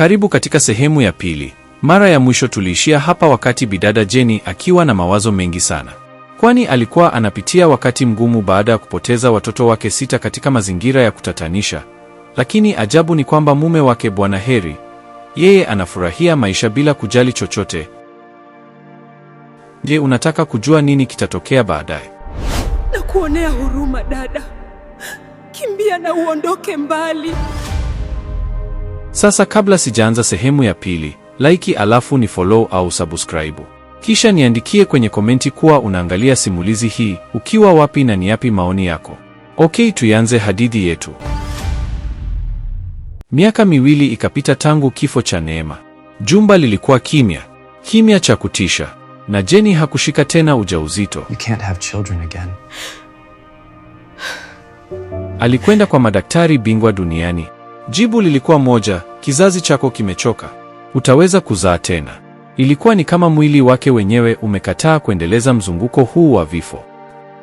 Karibu katika sehemu ya pili. Mara ya mwisho tuliishia hapa wakati bidada Jeni akiwa na mawazo mengi sana, kwani alikuwa anapitia wakati mgumu baada ya kupoteza watoto wake sita katika mazingira ya kutatanisha. Lakini ajabu ni kwamba mume wake Bwana Heri, yeye anafurahia maisha bila kujali chochote. Je, unataka kujua nini kitatokea baadaye? na kuonea huruma dada, kimbia na uondoke mbali. Sasa kabla sijaanza sehemu ya pili, like alafu ni follow au subscribe. Kisha niandikie kwenye komenti kuwa unaangalia simulizi hii ukiwa wapi na ni yapi maoni yako. Okay, tuianze hadithi yetu. Miaka miwili ikapita tangu kifo cha Neema. Jumba lilikuwa kimya, kimya cha kutisha, na Jeni hakushika tena ujauzito. You can't have children again. Alikwenda kwa madaktari bingwa duniani. Jibu lilikuwa moja, Kizazi chako kimechoka, utaweza kuzaa tena. Ilikuwa ni kama mwili wake wenyewe umekataa kuendeleza mzunguko huu wa vifo.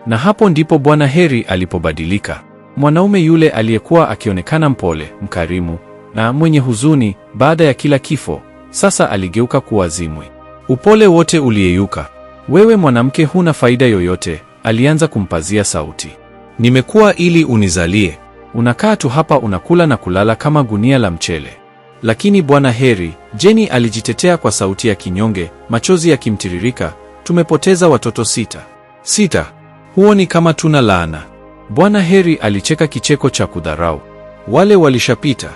Na hapo ndipo Bwana Heri alipobadilika. Mwanaume yule aliyekuwa akionekana mpole, mkarimu na mwenye huzuni baada ya kila kifo, sasa aligeuka kuwa zimwi. Upole wote uliyeyuka. Wewe mwanamke, huna faida yoyote, alianza kumpazia sauti. Nimekuwa ili unizalie. Unakaa tu hapa unakula na kulala kama gunia la mchele. Lakini bwana Heri, Jeni alijitetea kwa sauti ya kinyonge, machozi yakimtiririka, tumepoteza watoto sita. Sita, huo ni kama tuna laana. Bwana Heri alicheka kicheko cha kudharau, wale walishapita.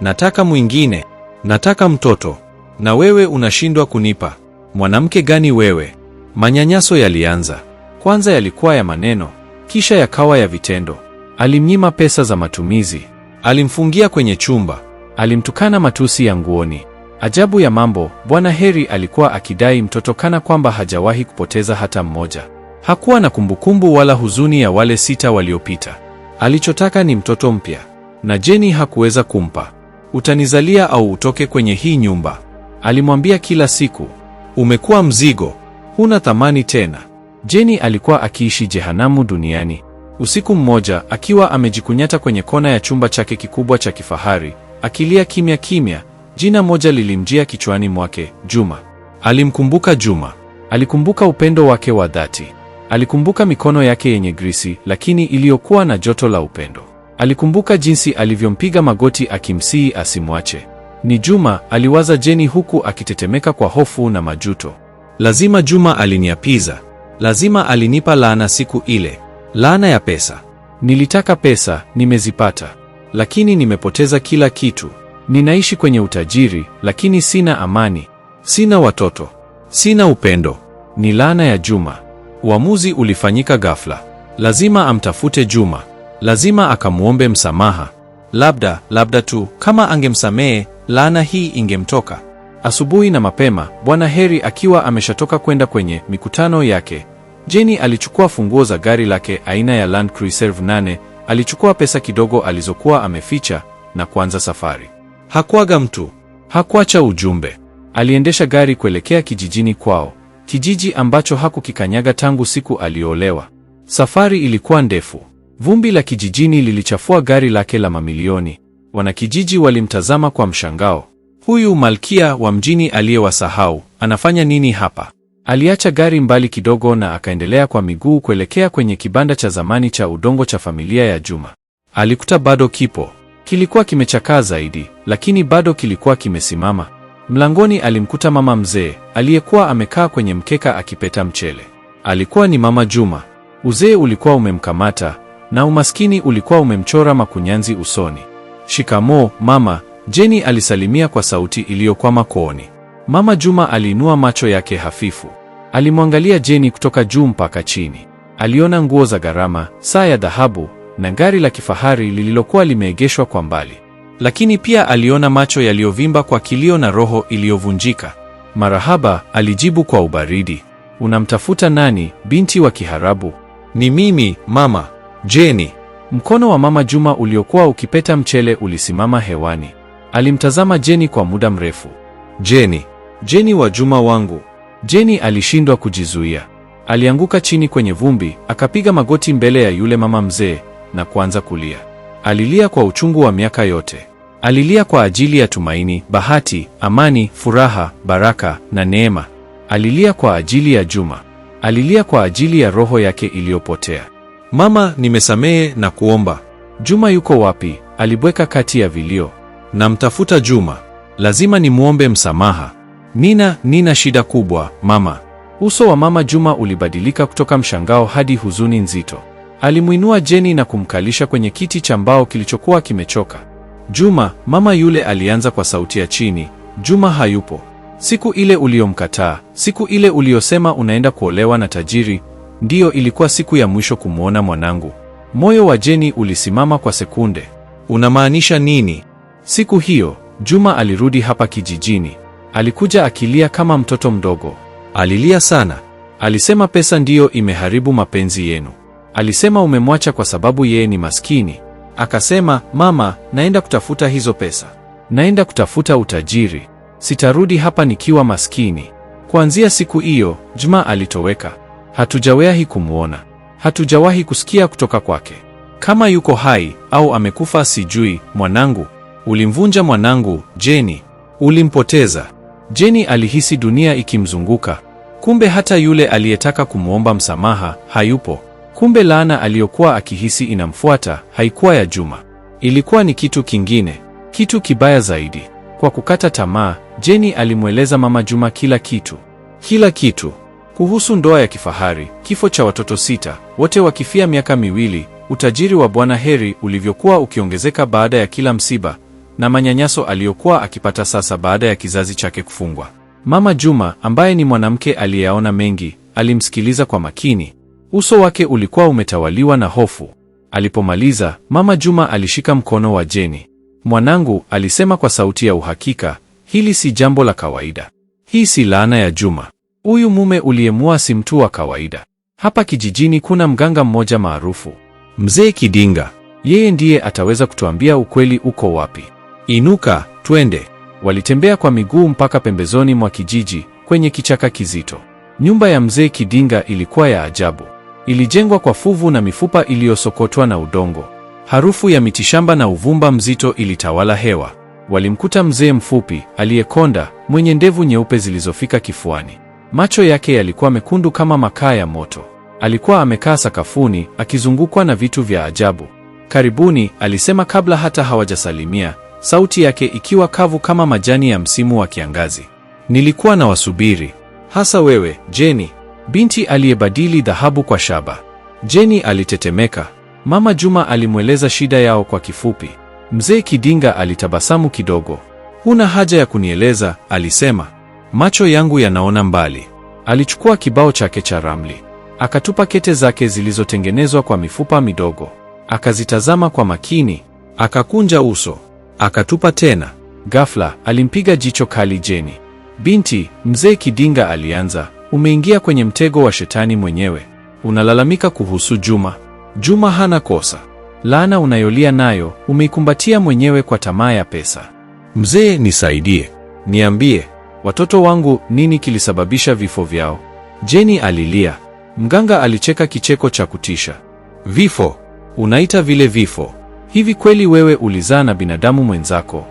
Nataka mwingine, nataka mtoto, na wewe unashindwa kunipa. Mwanamke gani wewe? Manyanyaso yalianza. Kwanza yalikuwa ya maneno, kisha yakawa ya vitendo. Alimnyima pesa za matumizi, alimfungia kwenye chumba alimtukana matusi ya nguoni. Ajabu ya mambo, Bwana Heri alikuwa akidai mtoto kana kwamba hajawahi kupoteza hata mmoja. Hakuwa na kumbukumbu wala huzuni ya wale sita waliopita. Alichotaka ni mtoto mpya, na Jeni hakuweza kumpa. Utanizalia au utoke kwenye hii nyumba, alimwambia kila siku. Umekuwa mzigo, huna thamani tena. Jeni alikuwa akiishi jehanamu duniani. Usiku mmoja, akiwa amejikunyata kwenye kona ya chumba chake kikubwa cha kifahari, Akilia kimya kimya, jina moja lilimjia kichwani mwake, Juma. Alimkumbuka Juma, alikumbuka upendo wake wa dhati, alikumbuka mikono yake yenye grisi lakini iliyokuwa na joto la upendo. Alikumbuka jinsi alivyompiga magoti akimsihi asimwache. Ni Juma, aliwaza Jeni huku akitetemeka kwa hofu na majuto. Lazima Juma aliniapiza, lazima alinipa laana siku ile, laana ya pesa. Nilitaka pesa, nimezipata lakini nimepoteza kila kitu. Ninaishi kwenye utajiri, lakini sina amani, sina watoto, sina upendo. Ni laana ya Juma. Uamuzi ulifanyika ghafla. Lazima amtafute Juma, lazima akamwombe msamaha. Labda, labda tu kama angemsamehe, laana hii ingemtoka. Asubuhi na mapema, Bwana Heri akiwa ameshatoka kwenda kwenye mikutano yake, Jeni alichukua funguo za gari lake aina ya Land Cruiser Alichukua pesa kidogo alizokuwa ameficha na kuanza safari. Hakuaga mtu, hakuacha ujumbe. Aliendesha gari kuelekea kijijini kwao, kijiji ambacho hakukikanyaga tangu siku aliolewa. Safari ilikuwa ndefu, vumbi la kijijini lilichafua gari lake la mamilioni. Wanakijiji walimtazama kwa mshangao. Huyu malkia wa mjini aliyewasahau anafanya nini hapa? Aliacha gari mbali kidogo na akaendelea kwa miguu kuelekea kwenye kibanda cha zamani cha udongo cha familia ya Juma. Alikuta bado kipo. Kilikuwa kimechakaa zaidi, lakini bado kilikuwa kimesimama. Mlangoni alimkuta mama mzee aliyekuwa amekaa kwenye mkeka akipeta mchele. Alikuwa ni mama Juma. Uzee ulikuwa umemkamata na umaskini ulikuwa umemchora makunyanzi usoni. Shikamoo mama, Jeni alisalimia kwa sauti iliyokwama kooni. Mama Juma aliinua macho yake hafifu. Alimwangalia Jeni kutoka juu mpaka chini. Aliona nguo za gharama, saa ya dhahabu na gari la kifahari lililokuwa limeegeshwa kwa mbali, lakini pia aliona macho yaliyovimba kwa kilio na roho iliyovunjika. Marahaba, alijibu kwa ubaridi. Unamtafuta nani, binti wa kiharabu? Ni mimi mama Jeni. Mkono wa mama Juma uliokuwa ukipeta mchele ulisimama hewani. Alimtazama Jeni kwa muda mrefu. Jeni, Jeni wa Juma wangu, Jeni alishindwa kujizuia, alianguka chini kwenye vumbi, akapiga magoti mbele ya yule mama mzee na kuanza kulia. Alilia kwa uchungu wa miaka yote. Alilia kwa ajili ya tumaini, bahati, amani, furaha, baraka na neema. Alilia kwa ajili ya Juma. Alilia kwa ajili ya roho yake iliyopotea. Mama, nimesamehe na kuomba. Juma yuko wapi? Alibweka kati ya vilio. Namtafuta Juma, lazima nimwombe msamaha. Nina, nina shida kubwa mama. Uso wa mama Juma ulibadilika kutoka mshangao hadi huzuni nzito. Alimwinua Jeni na kumkalisha kwenye kiti cha mbao kilichokuwa kimechoka. Juma, mama yule alianza kwa sauti ya chini. Juma hayupo. Siku ile uliyomkataa, siku ile uliyosema unaenda kuolewa na tajiri, ndiyo ilikuwa siku ya mwisho kumwona mwanangu. Moyo wa Jeni ulisimama kwa sekunde. Unamaanisha nini? Siku hiyo Juma alirudi hapa kijijini. Alikuja akilia kama mtoto mdogo. Alilia sana. Alisema pesa ndiyo imeharibu mapenzi yenu. Alisema umemwacha kwa sababu yeye ni maskini. Akasema, mama, naenda kutafuta hizo pesa. Naenda kutafuta utajiri. Sitarudi hapa nikiwa maskini. Kuanzia siku hiyo, Juma alitoweka. Hatujawahi kumwona. Hatujawahi kusikia kutoka kwake. Kama yuko hai au amekufa sijui. Mwanangu, ulimvunja mwanangu Jeni, ulimpoteza. Jeni alihisi dunia ikimzunguka. Kumbe hata yule aliyetaka kumwomba msamaha hayupo. Kumbe laana aliyokuwa akihisi inamfuata haikuwa ya Juma, ilikuwa ni kitu kingine, kitu kibaya zaidi. Kwa kukata tamaa, Jeni alimweleza mama Juma kila kitu, kila kitu kuhusu ndoa ya kifahari, kifo cha watoto sita, wote wakifia miaka miwili, utajiri wa Bwana Heri ulivyokuwa ukiongezeka baada ya kila msiba, na manyanyaso aliyokuwa akipata sasa baada ya kizazi chake kufungwa. Mama Juma ambaye ni mwanamke aliyeyaona mengi, alimsikiliza kwa makini. Uso wake ulikuwa umetawaliwa na hofu. Alipomaliza, Mama Juma alishika mkono wa Jeni. Mwanangu, alisema kwa sauti ya uhakika, hili si jambo la kawaida. Hii si laana ya Juma. Huyu mume uliyemua si mtu wa kawaida. Hapa kijijini kuna mganga mmoja maarufu, Mzee Kidinga. Yeye ndiye ataweza kutuambia ukweli uko wapi. Inuka, twende. Walitembea kwa miguu mpaka pembezoni mwa kijiji kwenye kichaka kizito. Nyumba ya mzee Kidinga ilikuwa ya ajabu. Ilijengwa kwa fuvu na mifupa iliyosokotwa na udongo. Harufu ya mitishamba na uvumba mzito ilitawala hewa. Walimkuta mzee mfupi aliyekonda, mwenye ndevu nyeupe zilizofika kifuani. Macho yake yalikuwa mekundu kama makaa ya moto. Alikuwa amekaa sakafuni akizungukwa na vitu vya ajabu. Karibuni, alisema kabla hata hawajasalimia, sauti yake ikiwa kavu kama majani ya msimu wa kiangazi. Nilikuwa na wasubiri hasa wewe Jeni, binti aliyebadili dhahabu kwa shaba. Jeni alitetemeka. Mama Juma alimweleza shida yao kwa kifupi. Mzee Kidinga alitabasamu kidogo. Huna haja ya kunieleza, alisema. Macho yangu yanaona mbali. Alichukua kibao chake cha ramli, akatupa kete zake zilizotengenezwa kwa mifupa midogo, akazitazama kwa makini, akakunja uso akatupa tena. Ghafla alimpiga jicho kali Jeni. Binti, mzee Kidinga alianza, umeingia kwenye mtego wa shetani mwenyewe. Unalalamika kuhusu Juma. Juma hana kosa. Laana unayolia nayo umeikumbatia mwenyewe kwa tamaa ya pesa. Mzee, nisaidie, niambie watoto wangu, nini kilisababisha vifo vyao? Jeni alilia. Mganga alicheka kicheko cha kutisha. Vifo? Unaita vile vifo? Hivi kweli wewe ulizaa na binadamu mwenzako?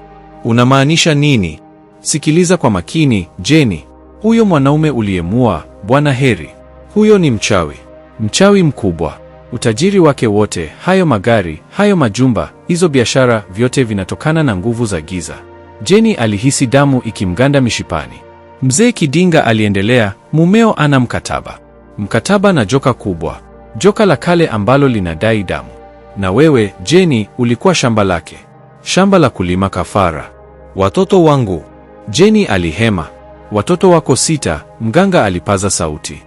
Unamaanisha nini? Sikiliza kwa makini, Jeni. Huyo mwanaume uliyemua, Bwana Heri, huyo ni mchawi, mchawi mkubwa. Utajiri wake wote, hayo magari, hayo majumba, hizo biashara, vyote vinatokana na nguvu za giza. Jeni alihisi damu ikimganda mishipani. Mzee Kidinga aliendelea, mumeo ana mkataba, mkataba na joka kubwa, joka la kale ambalo linadai damu. Na wewe Jeni, ulikuwa shamba lake, shamba la kulima kafara. Watoto wangu, Jeni alihema. Watoto wako sita, mganga alipaza sauti.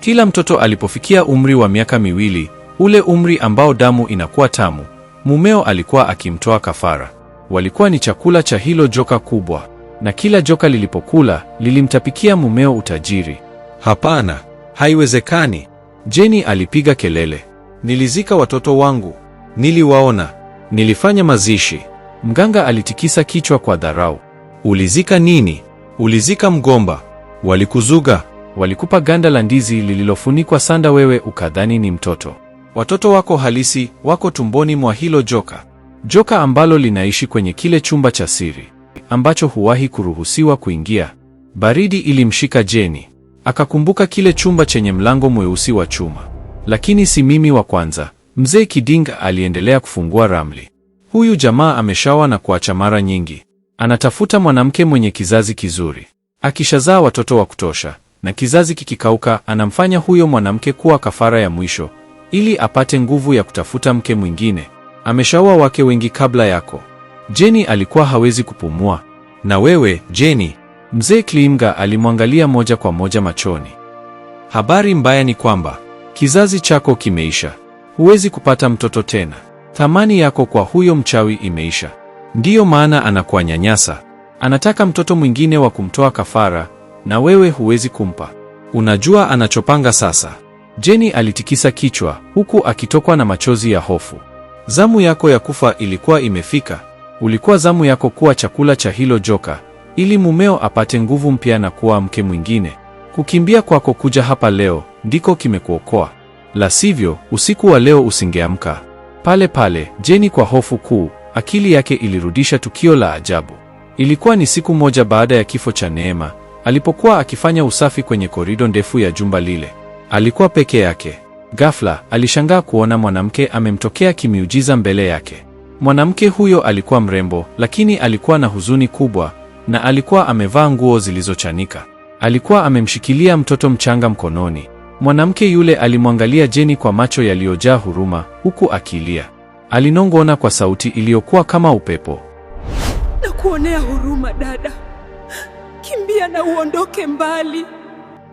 Kila mtoto alipofikia umri wa miaka miwili, ule umri ambao damu inakuwa tamu, mumeo alikuwa akimtoa kafara. Walikuwa ni chakula cha hilo joka kubwa, na kila joka lilipokula lilimtapikia mumeo utajiri. Hapana, haiwezekani! Jeni alipiga kelele. Nilizika watoto wangu, niliwaona, nilifanya mazishi. Mganga alitikisa kichwa kwa dharau. Ulizika nini? Ulizika mgomba. Walikuzuga, walikupa ganda la ndizi lililofunikwa sanda, wewe ukadhani ni mtoto. Watoto wako halisi wako tumboni mwa hilo joka, joka ambalo linaishi kwenye kile chumba cha siri ambacho huwahi kuruhusiwa kuingia. Baridi ilimshika Jeni, akakumbuka kile chumba chenye mlango mweusi wa chuma. Lakini si mimi wa kwanza, mzee kiding aliendelea kufungua ramli. Huyu jamaa ameshawa na kuacha mara nyingi, anatafuta mwanamke mwenye kizazi kizuri. Akishazaa watoto wa kutosha na kizazi kikikauka, anamfanya huyo mwanamke kuwa kafara ya mwisho ili apate nguvu ya kutafuta mke mwingine. Ameshaua wake wengi kabla yako. Jeni alikuwa hawezi kupumua. Na wewe Jeni? Mzee Klimga alimwangalia moja kwa moja machoni. Habari mbaya ni kwamba Kizazi chako kimeisha, huwezi kupata mtoto tena. Thamani yako kwa huyo mchawi imeisha. Ndiyo maana anakuanyanyasa, anataka mtoto mwingine wa kumtoa kafara, na wewe huwezi kumpa. Unajua anachopanga sasa? Jeni alitikisa kichwa huku akitokwa na machozi ya hofu. Zamu yako ya kufa ilikuwa imefika. Ulikuwa zamu yako kuwa chakula cha hilo joka ili mumeo apate nguvu mpya na kuwa mke mwingine. Kukimbia kwako kuja hapa leo ndiko kimekuokoa, la sivyo usiku wa leo usingeamka. Pale pale Jeni, kwa hofu kuu, akili yake ilirudisha tukio la ajabu. Ilikuwa ni siku moja baada ya kifo cha Neema, alipokuwa akifanya usafi kwenye korido ndefu ya jumba lile. Alikuwa peke yake. Ghafla alishangaa kuona mwanamke amemtokea kimiujiza mbele yake. Mwanamke huyo alikuwa mrembo, lakini alikuwa na huzuni kubwa na alikuwa amevaa nguo zilizochanika. Alikuwa amemshikilia mtoto mchanga mkononi. Mwanamke yule alimwangalia Jeni kwa macho yaliyojaa huruma, huku akilia. Alinong'ona kwa sauti iliyokuwa kama upepo, na kuonea huruma dada, kimbia na uondoke mbali.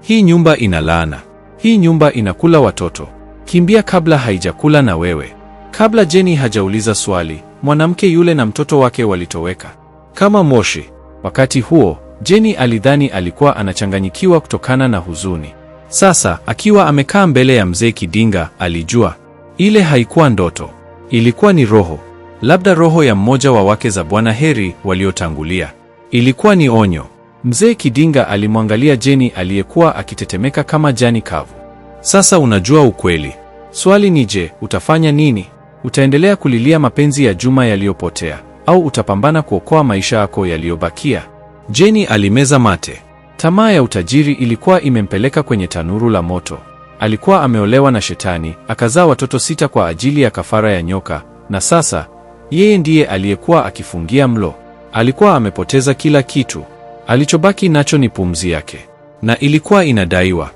Hii nyumba ina laana, hii nyumba inakula watoto, kimbia kabla haijakula na wewe. Kabla Jeni hajauliza swali, mwanamke yule na mtoto wake walitoweka kama moshi. Wakati huo Jeni alidhani alikuwa anachanganyikiwa kutokana na huzuni. Sasa akiwa amekaa mbele ya mzee Kidinga, alijua ile haikuwa ndoto, ilikuwa ni roho, labda roho ya mmoja wa wake za Bwana Heri waliotangulia. Ilikuwa ni onyo. Mzee Kidinga alimwangalia Jeni aliyekuwa akitetemeka kama jani kavu. Sasa unajua ukweli. Swali ni je, utafanya nini? Utaendelea kulilia mapenzi ya Juma yaliyopotea au utapambana kuokoa maisha yako yaliyobakia? Jeni alimeza mate. Tamaa ya utajiri ilikuwa imempeleka kwenye tanuru la moto. Alikuwa ameolewa na Shetani, akazaa watoto sita kwa ajili ya kafara ya nyoka, na sasa yeye ndiye aliyekuwa akifungia mlo. Alikuwa amepoteza kila kitu. Alichobaki nacho ni pumzi yake, na ilikuwa inadaiwa.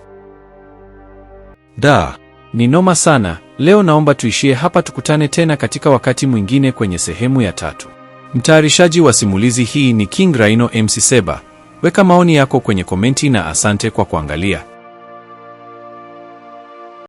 Da, ni noma sana. Leo naomba tuishie hapa, tukutane tena katika wakati mwingine kwenye sehemu ya tatu. Mtayarishaji wa simulizi hii ni King Rhino MC Seba. Weka maoni yako kwenye komenti na asante kwa kuangalia.